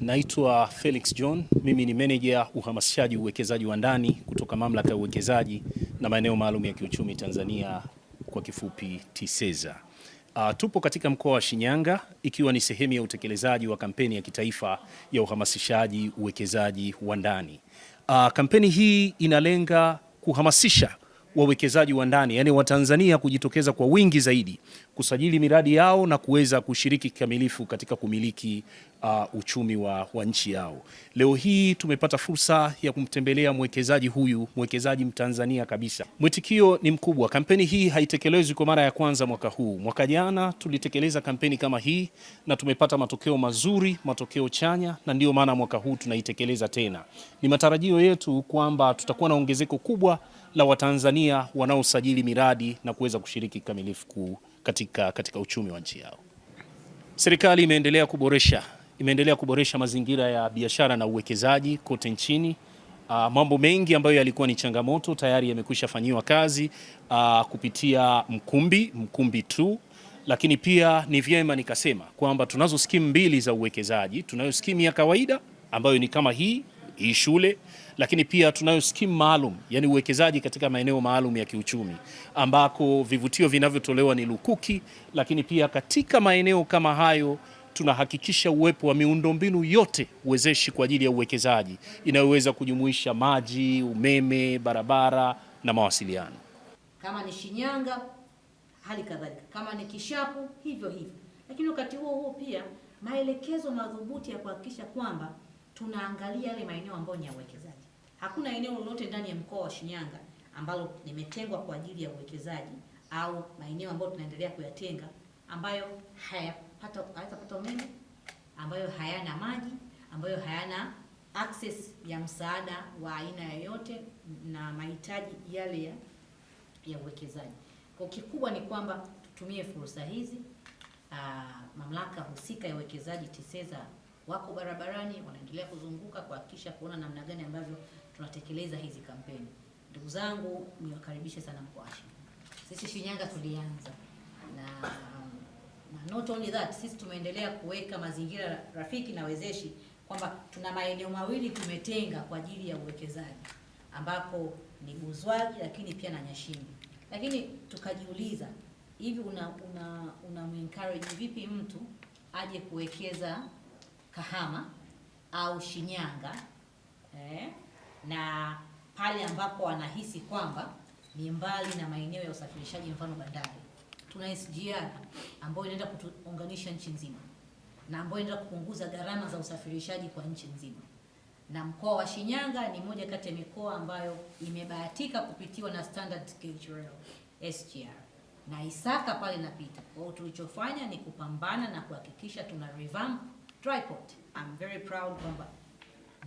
Naitwa Felix John, mimi ni meneja uhamasishaji uwekezaji wa ndani kutoka Mamlaka ya Uwekezaji na Maeneo Maalum ya Kiuchumi Tanzania kwa kifupi TISEZA. Uh, tupo katika mkoa wa Shinyanga ikiwa ni sehemu ya utekelezaji wa kampeni ya kitaifa ya uhamasishaji uwekezaji wa ndani. Uh, kampeni hii inalenga kuhamasisha wawekezaji wa ndani, yani Watanzania kujitokeza kwa wingi zaidi kusajili miradi yao na kuweza kushiriki kikamilifu katika kumiliki uh, uchumi wa, wa nchi yao. Leo hii tumepata fursa ya kumtembelea mwekezaji huyu, mwekezaji Mtanzania kabisa. Mwitikio ni mkubwa. Kampeni hii haitekelezwi kwa mara ya kwanza mwaka huu. Mwaka jana tulitekeleza kampeni kama hii na tumepata matokeo mazuri, matokeo chanya, na ndiyo maana mwaka huu tunaitekeleza tena. Ni matarajio yetu kwamba tutakuwa na ongezeko kubwa la Watanzania Tanzania wanaosajili miradi na kuweza kushiriki kikamilifu katika, katika uchumi wa nchi yao. Serikali imeendelea kuboresha, imeendelea kuboresha mazingira ya biashara na uwekezaji kote nchini. Uh, mambo mengi ambayo yalikuwa ni changamoto tayari yamekwisha fanyiwa kazi uh, kupitia mkumbi mkumbi tu, lakini pia ni vyema nikasema kwamba tunazo skimu mbili za uwekezaji. Tunayo skimu ya kawaida ambayo ni kama hii hii shule, lakini pia tunayo skimu maalum, yani uwekezaji katika maeneo maalum ya kiuchumi ambako vivutio vinavyotolewa ni lukuki, lakini pia katika maeneo kama hayo tunahakikisha uwepo wa miundombinu yote uwezeshi kwa ajili ya uwekezaji inayoweza kujumuisha maji, umeme, barabara na mawasiliano. Kama ni Shinyanga, hali kadhalika, kama ni Kishapu, hivyo hivyo. Lakini wakati huo huo pia maelekezo madhubuti ya kuhakikisha kwamba tunaangalia yale maeneo ambayo ni ya uwekezaji. Hakuna eneo lolote ndani ya mkoa wa Shinyanga ambalo limetengwa kwa ajili ya uwekezaji au maeneo ambayo tunaendelea kuyatenga ambayo hayapata hayatapata umeme, ambayo hayana maji, ambayo hayana access ya msaada wa aina yoyote na mahitaji yale ya ya uwekezaji. Kwa kikubwa ni kwamba tutumie fursa hizi. Aa, ah, mamlaka husika ya uwekezaji TISEZA wako barabarani, wanaendelea kuzunguka kuhakikisha kuona namna gani ambavyo tunatekeleza hizi kampeni. Ndugu zangu, niwakaribishe sana Mkoashi. Sisi Shinyanga tulianza na, na not only that, sisi tumeendelea kuweka mazingira rafiki na wezeshi kwamba tuna maeneo mawili tumetenga kwa ajili ya uwekezaji ambapo ni Buzwagi lakini pia na Nyashini. Lakini tukajiuliza hivi una, una, una encourage vipi mtu aje kuwekeza Kahama au Shinyanga eh, na pale ambapo wanahisi kwamba ni mbali na maeneo ya usafirishaji, mfano bandari, tuna SGR ambayo inaenda kutuunganisha nchi nzima na ambayo inaenda kupunguza gharama za usafirishaji kwa nchi nzima, na mkoa wa Shinyanga ni moja kati ya mikoa ambayo imebahatika kupitiwa na standard gauge rail SGR na Isaka pale napita. Kwa hiyo tulichofanya ni kupambana na kuhakikisha tuna revamp Tripod. I'm very proud kwamba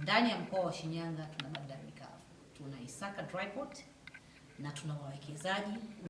ndani ya mkoa wa Shinyanga tuna madada tuna isaka Tripod na tuna wawekezaji